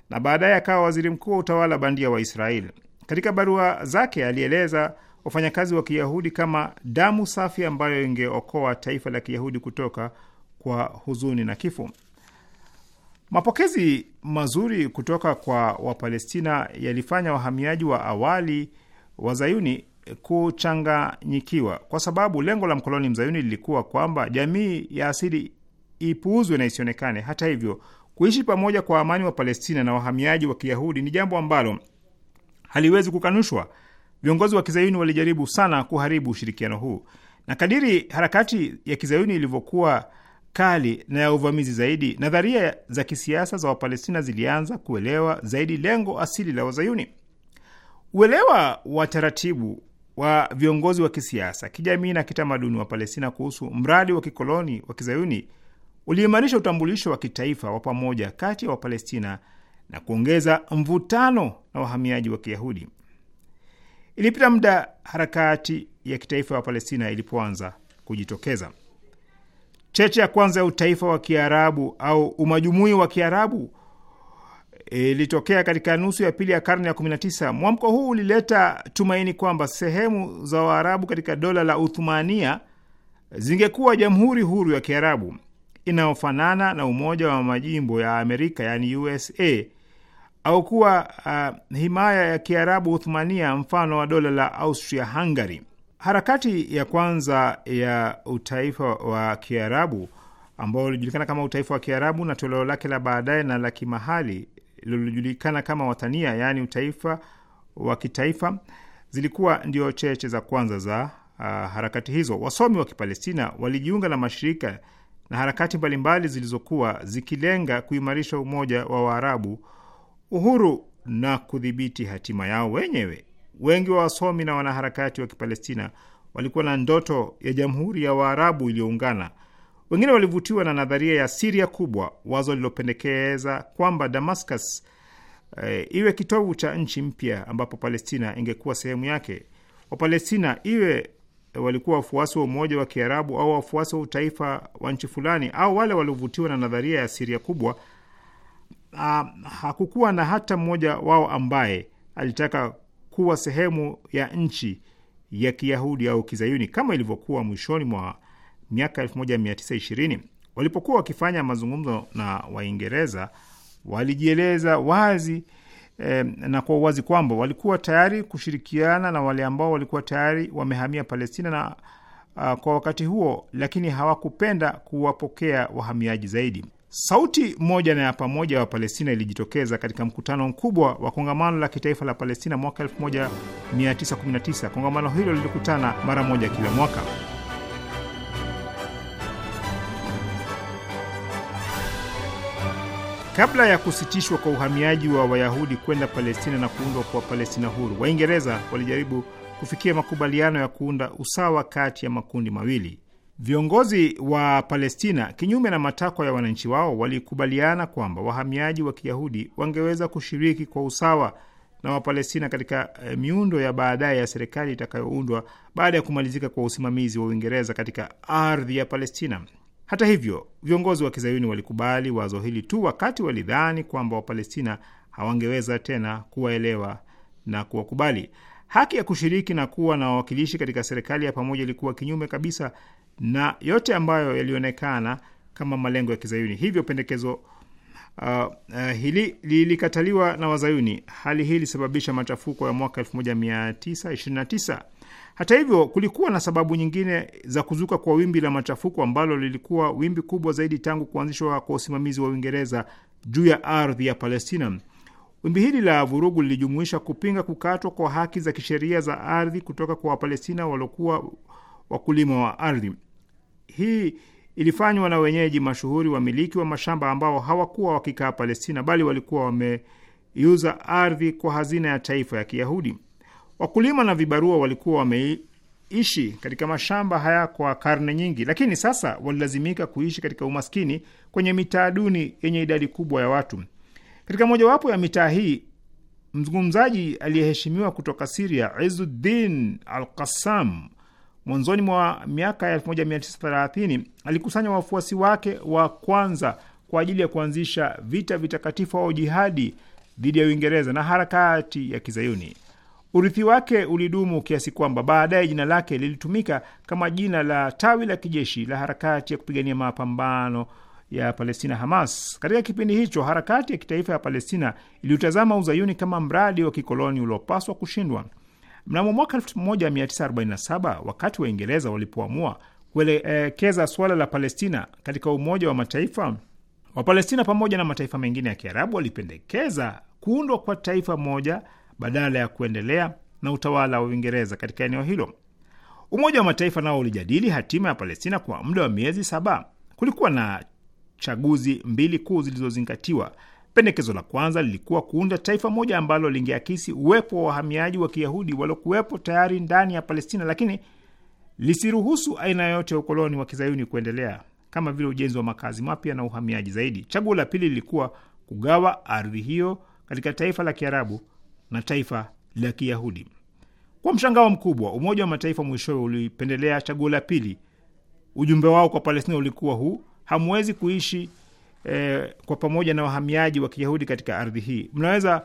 na baadaye akawa waziri mkuu wa utawala bandia wa Israeli. Katika barua zake alieleza wafanyakazi wa Kiyahudi kama damu safi ambayo ingeokoa taifa la Kiyahudi kutoka kwa huzuni na kifo. Mapokezi mazuri kutoka kwa Wapalestina yalifanya wahamiaji wa awali wa zayuni kuchanganyikiwa, kwa sababu lengo la mkoloni mzayuni lilikuwa kwamba jamii ya asili ipuuzwe na isionekane. Hata hivyo, kuishi pamoja kwa amani wa Palestina na wahamiaji wa Kiyahudi ni jambo ambalo haliwezi kukanushwa. Viongozi wa kizayuni walijaribu sana kuharibu ushirikiano huu, na kadiri harakati ya kizayuni ilivyokuwa kali na ya uvamizi zaidi, nadharia za kisiasa za Wapalestina zilianza kuelewa zaidi lengo asili la Wazayuni. Uelewa wa taratibu wa viongozi wa kisiasa, kijamii na kitamaduni wa Palestina kuhusu mradi wa kikoloni wa Kizayuni uliimarisha utambulisho wa kitaifa wa pamoja kati ya wa Wapalestina na kuongeza mvutano na wahamiaji wa Kiyahudi. Ilipita muda harakati ya kitaifa ya Wapalestina ilipoanza kujitokeza cheche ya kwanza ya utaifa wa Kiarabu au umajumui wa Kiarabu e, ilitokea katika nusu ya pili ya karne ya 19. Mwamko huu ulileta tumaini kwamba sehemu za Waarabu katika dola la Uthumania zingekuwa jamhuri huru ya Kiarabu inayofanana na Umoja wa Majimbo ya Amerika, yani USA, au kuwa uh, himaya ya Kiarabu Uthumania, mfano wa dola la Austria Hungary. Harakati ya kwanza ya utaifa wa Kiarabu ambao ulijulikana kama utaifa wa Kiarabu na toleo lake la baadaye na la kimahali lililojulikana kama Watania, yaani utaifa wa kitaifa, zilikuwa ndio cheche za kwanza za uh, harakati hizo. Wasomi wa Kipalestina walijiunga na mashirika na harakati mbalimbali zilizokuwa zikilenga kuimarisha umoja wa Waarabu, uhuru na kudhibiti hatima yao wenyewe. Wengi wa wasomi na wanaharakati wa Kipalestina walikuwa na ndoto ya jamhuri ya Waarabu iliyoungana. Wengine walivutiwa na nadharia ya Siria kubwa, wazo lilopendekeza kwamba Damascus eh, iwe kitovu cha nchi mpya ambapo Palestina ingekuwa sehemu yake. Wapalestina iwe walikuwa wafuasi wa umoja wa Kiarabu au wafuasi wa utaifa wa nchi fulani au wale waliovutiwa na nadharia ya Siria kubwa. Uh, hakukuwa na hata mmoja wao ambaye alitaka kuwa sehemu ya nchi ya Kiyahudi au Kizayuni kama ilivyokuwa mwishoni mwa miaka 1920. Walipokuwa wakifanya mazungumzo na Waingereza walijieleza wazi eh, na kwa uwazi kwamba walikuwa tayari kushirikiana na wale ambao walikuwa tayari wamehamia Palestina na uh, kwa wakati huo, lakini hawakupenda kuwapokea wahamiaji zaidi. Sauti moja na ya pamoja wa Palestina ilijitokeza katika mkutano mkubwa wa kongamano la kitaifa la Palestina mwaka 1919. Kongamano hilo lilikutana mara moja kila mwaka. Kabla ya kusitishwa kwa uhamiaji wa Wayahudi kwenda Palestina na kuundwa kwa Palestina huru, Waingereza walijaribu kufikia makubaliano ya kuunda usawa kati ya makundi mawili. Viongozi wa Palestina, kinyume na matakwa ya wananchi wao, walikubaliana kwamba wahamiaji wa Kiyahudi wangeweza kushiriki kwa usawa na Wapalestina katika eh, miundo ya baadaye ya serikali itakayoundwa baada ya kumalizika kwa usimamizi wa Uingereza katika ardhi ya Palestina. Hata hivyo, viongozi wa Kizayuni walikubali wazo hili tu wakati walidhani kwamba Wapalestina hawangeweza tena kuwaelewa na kuwakubali. Haki ya kushiriki na kuwa na wawakilishi katika serikali ya pamoja ilikuwa kinyume kabisa na yote ambayo yalionekana kama malengo ya Kizayuni. Hivyo pendekezo uh, uh, hili lilikataliwa na Wazayuni. Hali hii ilisababisha machafuko ya mwaka 1929. Hata hivyo, kulikuwa na sababu nyingine za kuzuka kwa wimbi la machafuko ambalo lilikuwa wimbi kubwa zaidi tangu kuanzishwa kwa usimamizi wa Uingereza juu ya ardhi ya Palestina. Wimbi hili la vurugu lilijumuisha kupinga kukatwa kwa haki za kisheria za ardhi kutoka kwa Wapalestina waliokuwa wakulima wa ardhi hii ilifanywa na wenyeji mashuhuri, wamiliki wa mashamba ambao hawakuwa wakikaa Palestina, bali walikuwa wameiuza ardhi kwa hazina ya taifa ya Kiyahudi. Wakulima na vibarua walikuwa wameishi katika mashamba haya kwa karne nyingi, lakini sasa walilazimika kuishi katika umaskini kwenye mitaa duni yenye idadi kubwa ya watu. Katika mojawapo ya mitaa hii mzungumzaji aliyeheshimiwa kutoka Siria Izuddin Al Qassam Mwanzoni mwa miaka ya 1930 alikusanya wafuasi wake wa kwanza kwa ajili ya kuanzisha vita vitakatifu au jihadi dhidi ya Uingereza na harakati ya Kizayuni. Urithi wake ulidumu kiasi kwamba baadaye jina lake lilitumika kama jina la tawi la kijeshi la harakati ya kupigania mapambano ya Palestina, Hamas. Katika kipindi hicho, harakati ya kitaifa ya Palestina iliutazama uzayuni kama mradi wa kikoloni uliopaswa kushindwa. Mnamo mwaka 1947 wakati Waingereza walipoamua kuelekeza suala la Palestina katika Umoja wa Mataifa, Wapalestina pamoja na mataifa mengine ya Kiarabu walipendekeza kuundwa kwa taifa moja badala ya kuendelea na utawala wa Uingereza katika eneo hilo. Umoja wa Mataifa nao ulijadili hatima ya Palestina kwa muda wa miezi saba. Kulikuwa na chaguzi mbili kuu zilizozingatiwa: Pendekezo la kwanza lilikuwa kuunda taifa moja ambalo lingeakisi uwepo wa wahamiaji wa Kiyahudi waliokuwepo tayari ndani ya Palestina, lakini lisiruhusu aina yoyote ya ukoloni wa kizayuni kuendelea, kama vile ujenzi wa makazi mapya na uhamiaji zaidi. Chaguo la pili lilikuwa kugawa ardhi hiyo katika taifa la Kiarabu na taifa la Kiyahudi. Kwa mshangao mkubwa, Umoja wa Mataifa mwishowe ulipendelea chaguo la pili. Ujumbe wao kwa Palestina ulikuwa huu: hamwezi kuishi eh, kwa pamoja na wahamiaji wa Kiyahudi katika ardhi hii. Mnaweza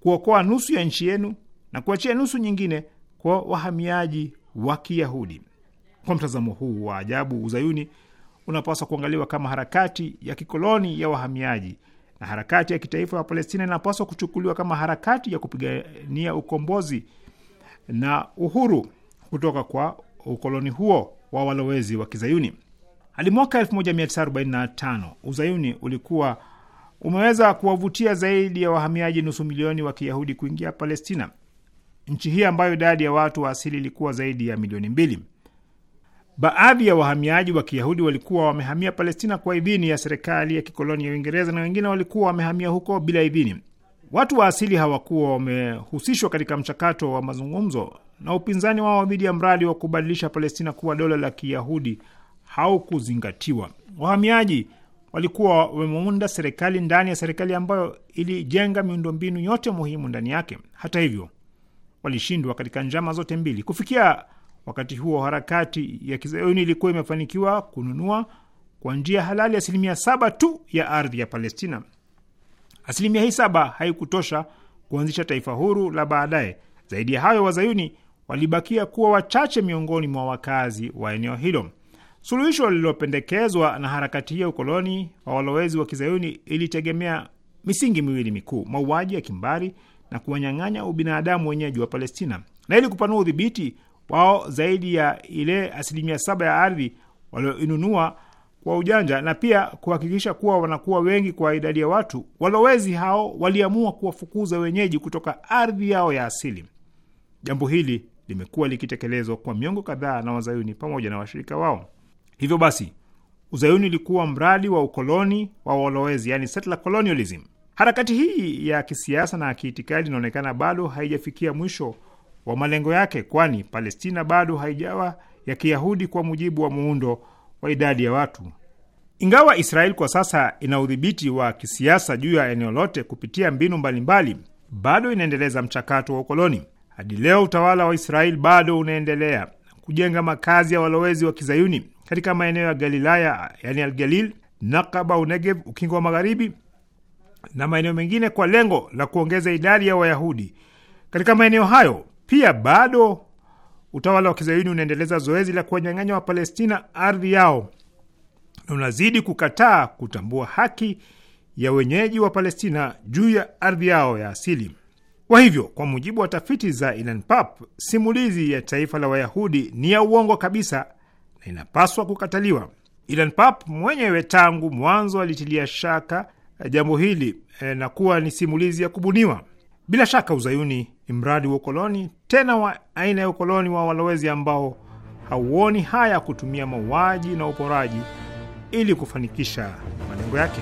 kuokoa nusu ya nchi yenu na kuachia nusu nyingine kwa wahamiaji wa Kiyahudi. Kwa mtazamo huu wa ajabu, uzayuni unapaswa kuangaliwa kama harakati ya kikoloni ya wahamiaji na harakati ya kitaifa ya Palestina inapaswa kuchukuliwa kama harakati ya kupigania ukombozi na uhuru kutoka kwa ukoloni huo wa walowezi wa Kizayuni. Hadi mwaka 1945 uzayuni ulikuwa umeweza kuwavutia zaidi ya wahamiaji nusu milioni wa kiyahudi kuingia Palestina, nchi hii ambayo idadi ya watu wa asili ilikuwa zaidi ya milioni mbili. Baadhi ya wahamiaji wa kiyahudi walikuwa wamehamia Palestina kwa idhini ya serikali ya kikoloni ya Uingereza na wengine walikuwa wamehamia huko bila idhini. Watu wa asili hawakuwa wamehusishwa katika mchakato wa mazungumzo na upinzani wao dhidi ya mradi wa kubadilisha Palestina kuwa dola la kiyahudi haukuzingatiwa. Wahamiaji walikuwa wameunda serikali ndani ya serikali ambayo ilijenga miundombinu yote muhimu ndani yake. Hata hivyo, walishindwa katika njama zote mbili. Kufikia wakati huo, harakati ya kizayuni ilikuwa imefanikiwa kununua kwa njia halali asilimia saba tu ya ardhi ya Palestina. Asilimia hii saba haikutosha kuanzisha taifa huru la baadaye. Zaidi ya hayo, wazayuni walibakia kuwa wachache miongoni mwa wakazi wa eneo hilo. Suluhisho lililopendekezwa na harakati hii ya ukoloni wa walowezi wa kizayuni ilitegemea misingi miwili mikuu: mauaji ya kimbari na kuwanyang'anya ubinadamu wenyeji wa Palestina, na ili kupanua udhibiti wao zaidi ya ile asilimia saba ya ardhi walioinunua kwa ujanja na pia kuhakikisha kuwa wanakuwa wengi kwa idadi ya watu, walowezi hao waliamua kuwafukuza wenyeji kutoka ardhi yao ya asili. Jambo hili limekuwa likitekelezwa kwa miongo kadhaa na wazayuni pamoja na washirika wao. Hivyo basi uzayuni ulikuwa mradi wa ukoloni wa walowezi, yani settler colonialism. Harakati hii ya kisiasa na kiitikadi inaonekana bado haijafikia mwisho wa malengo yake, kwani Palestina bado haijawa ya Kiyahudi kwa mujibu wa muundo wa idadi ya watu. Ingawa israel kwa sasa ina udhibiti wa kisiasa juu ya eneo lote kupitia mbinu mbalimbali, bado inaendeleza mchakato wa ukoloni. Hadi leo utawala wa Israeli bado unaendelea kujenga makazi ya walowezi wa Kizayuni katika maeneo ya Galilaya, yani Algalil, Nakaba, Unegev, ukingo wa magharibi na maeneo mengine kwa lengo la kuongeza idadi ya Wayahudi katika maeneo hayo. Pia bado utawala wa kizayuni unaendeleza zoezi la kuwanyang'anya Wapalestina ardhi yao na unazidi kukataa kutambua haki ya wenyeji wa Palestina juu ya ardhi yao ya asili. Kwa hivyo, kwa mujibu wa tafiti za Ilan simulizi ya taifa la Wayahudi ni ya uongo kabisa na inapaswa kukataliwa. Ilan Pap mwenyewe tangu mwanzo alitilia shaka eh, jambo hili e, na kuwa ni simulizi ya kubuniwa. Bila shaka uzayuni ni mradi wa ukoloni, tena wa aina ya ukoloni wa walowezi ambao hauoni haya kutumia mauaji na uporaji ili kufanikisha malengo yake.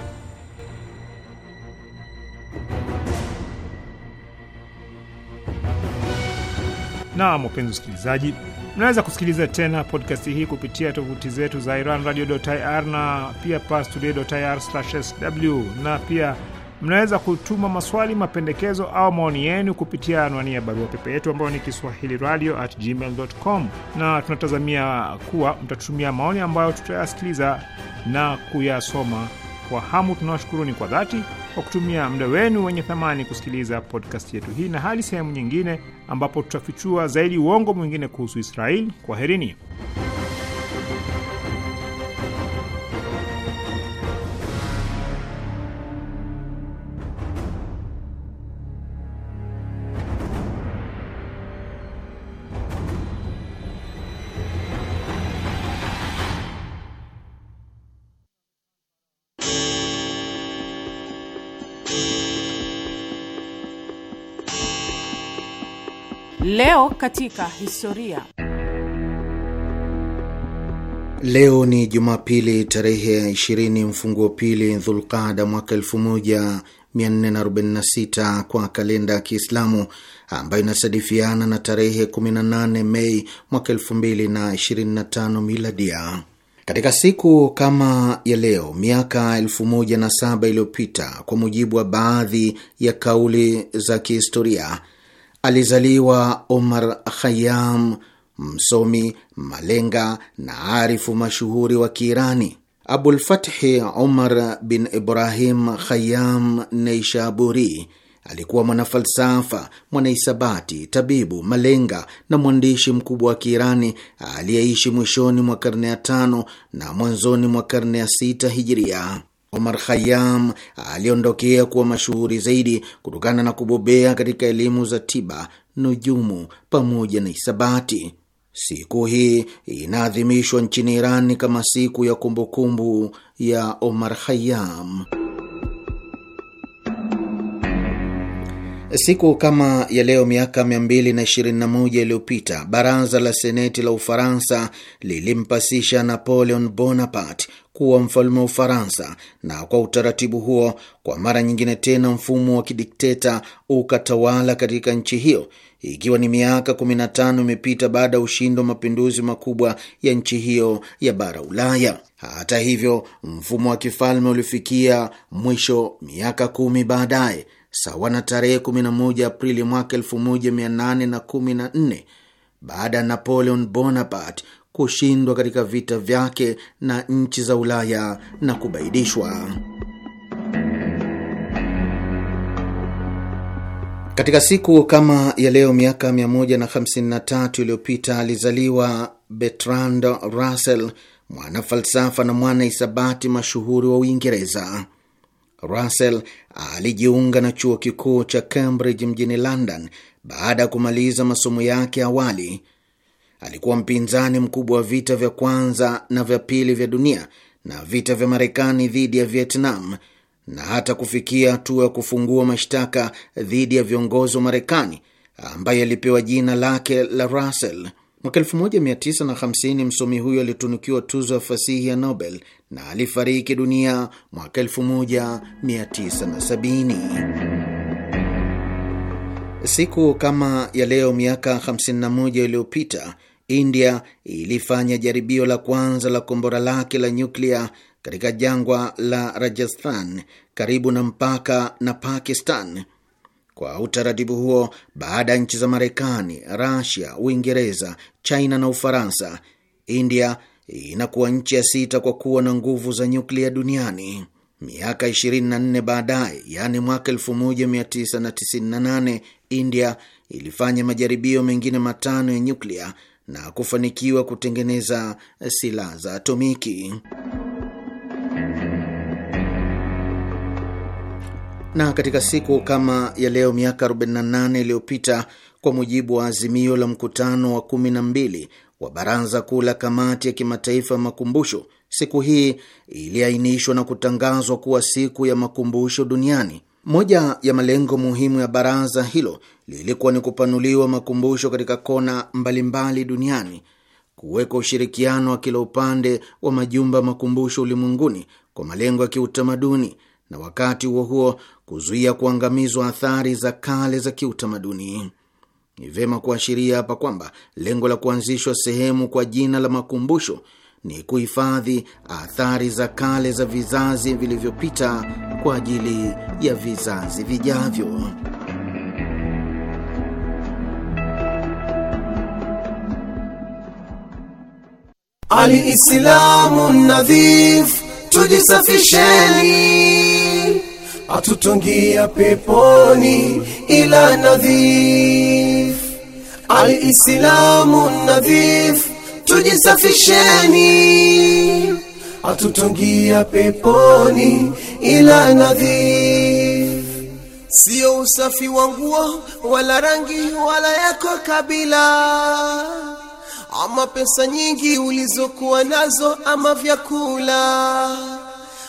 Na wapenzi usikilizaji, Mnaweza kusikiliza tena podcast hii kupitia tovuti zetu za iranradio.ir na pia parstoday.ir/sw, na pia mnaweza kutuma maswali, mapendekezo au maoni yenu kupitia anwani ya barua pepe yetu ambayo ni kiswahili radio at gmail.com, na tunatazamia kuwa mtatutumia maoni ambayo tutayasikiliza na kuyasoma kwa hamu. Tunawashukuruni kwa dhati kwa kutumia muda wenu wenye thamani kusikiliza podcast yetu hii, na hadi sehemu nyingine ambapo tutafichua zaidi uongo mwingine kuhusu Israeli. Kwaherini. Leo katika historia. Leo ni Jumapili tarehe 20 20 wa pili Dhulqada mwaka 1446 kwa kalenda ya Kiislamu ambayo inasadifiana na tarehe 18 Mei mwaka 2025 miladia. Katika siku kama ya leo miaka 17 iliyopita, kwa mujibu wa baadhi ya kauli za kihistoria Alizaliwa Omar khayam msomi malenga na arifu mashuhuri wa Kiirani. Abulfathi Omar bin Ibrahim khayam Neishaburi alikuwa mwanafalsafa, mwanahisabati, tabibu, malenga na mwandishi mkubwa wa Kiirani aliyeishi mwishoni mwa karne ya tano na mwanzoni mwa karne ya sita hijiria. Omar Khayam aliondokea kuwa mashuhuri zaidi kutokana na kubobea katika elimu za tiba, nujumu pamoja na hisabati. Siku hii inaadhimishwa nchini Iran kama siku ya kumbukumbu ya Omar Khayam. Siku kama ya leo miaka 221 iliyopita baraza la seneti la Ufaransa lilimpasisha Napoleon Bonaparte kuwa mfalme wa Ufaransa, na kwa utaratibu huo, kwa mara nyingine tena mfumo wa kidikteta ukatawala katika nchi hiyo, ikiwa ni miaka 15 imepita baada ya ushindi wa mapinduzi makubwa ya nchi hiyo ya bara Ulaya. Hata hivyo, mfumo wa kifalme ulifikia mwisho miaka kumi baadaye sawa na tarehe 11 Aprili mwaka 1814 baada ya Napoleon Bonaparte kushindwa katika vita vyake na nchi za Ulaya na kubaidishwa. Katika siku kama ya leo miaka 153 iliyopita alizaliwa Bertrand Russell, mwana falsafa na mwana isabati mashuhuri wa Uingereza. Russell alijiunga na chuo kikuu cha Cambridge mjini London baada ya kumaliza masomo yake awali. Alikuwa mpinzani mkubwa wa vita vya kwanza na vya pili vya dunia na vita vya Marekani dhidi ya Vietnam na hata kufikia hatua ya kufungua mashtaka dhidi ya viongozi wa Marekani ambaye alipewa jina lake la Russell. Mwaka 1950 msomi huyo alitunukiwa tuzo ya fasihi ya Nobel na alifariki dunia mwaka 1970. Siku kama ya leo miaka 51 iliyopita India ilifanya jaribio la kwanza la kombora lake la nyuklia katika jangwa la Rajasthan karibu na mpaka na Pakistan. Kwa utaratibu huo, baada ya nchi za Marekani, Rasia, Uingereza, China na Ufaransa, India inakuwa nchi ya sita kwa kuwa na nguvu za nyuklia duniani. Miaka 24 baadaye, yaani mwaka 1998, India ilifanya majaribio mengine matano ya nyuklia na kufanikiwa kutengeneza silaha za atomiki. Na katika siku kama ya leo miaka 48 iliyopita, kwa mujibu wa azimio la mkutano wa 12 wa baraza kuu la kamati ya kimataifa ya makumbusho, siku hii iliainishwa na kutangazwa kuwa siku ya makumbusho duniani. Moja ya malengo muhimu ya baraza hilo lilikuwa ni kupanuliwa makumbusho katika kona mbalimbali duniani, kuwekwa ushirikiano wa kila upande wa majumba makumbusho ulimwenguni kwa malengo ya kiutamaduni na wakati huo huo kuzuia kuangamizwa athari za kale za kiutamaduni. Ni vema kuashiria hapa kwamba lengo la kuanzishwa sehemu kwa jina la makumbusho ni kuhifadhi athari za kale za vizazi vilivyopita kwa ajili ya vizazi vijavyo. nadhif, tujisafisheni atutungia peponi ila nadhif alislamu nadhif tujisafisheni atutungia peponi ila nadhif sio usafi wa nguo wala rangi wala yako kabila ama pesa nyingi ulizokuwa nazo ama vyakula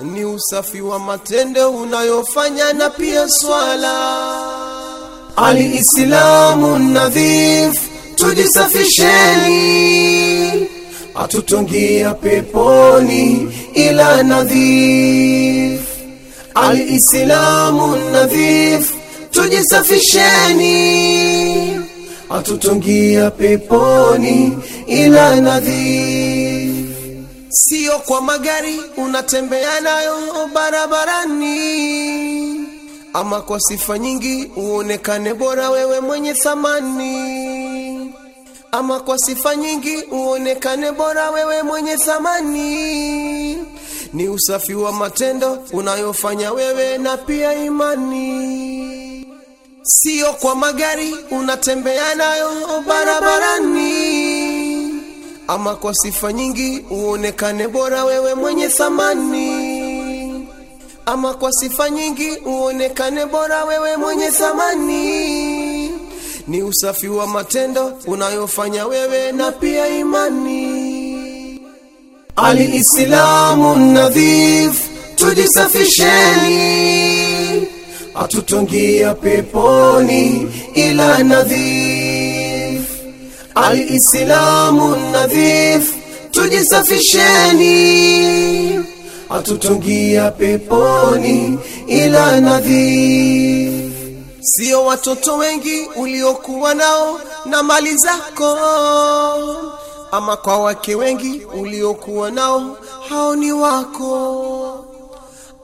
ni usafi wa matendo unayofanya na pia swala. Alislamu nadhif, tujisafisheni, atutongia peponi ila nadhif. Alislamu nadhif, tujisafisheni, atutungia peponi ila nadhif sio kwa magari unatembea nayo barabarani, ama kwa sifa nyingi uonekane bora wewe mwenye thamani, ama kwa sifa nyingi uonekane bora wewe mwenye thamani. Ni usafi wa matendo unayofanya wewe na pia imani, sio kwa magari unatembea nayo barabarani ama kwa sifa nyingi uonekane bora wewe mwenye thamani, ama kwa sifa nyingi uonekane bora wewe mwenye thamani. Ni usafi wa matendo unayofanya wewe na pia imani. Aliislamu nadhif, tujisafisheni, atutongia peponi ila nadhif Alislamu nadhif, tujisafisheni, atutungia peponi ila nadhif. Sio watoto wengi uliokuwa nao na mali zako, ama kwa wake wengi uliokuwa nao hao ni wako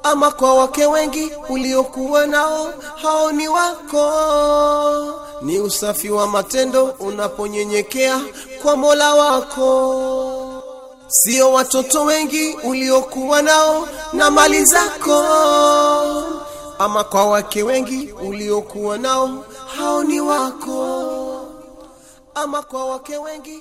ama kwa wake wengi uliokuwa nao hao ni wako. Ni usafi wa matendo unaponyenyekea kwa Mola wako, sio watoto wengi uliokuwa nao na mali zako, ama kwa wake wengi uliokuwa nao hao ni wako, ama kwa wake wengi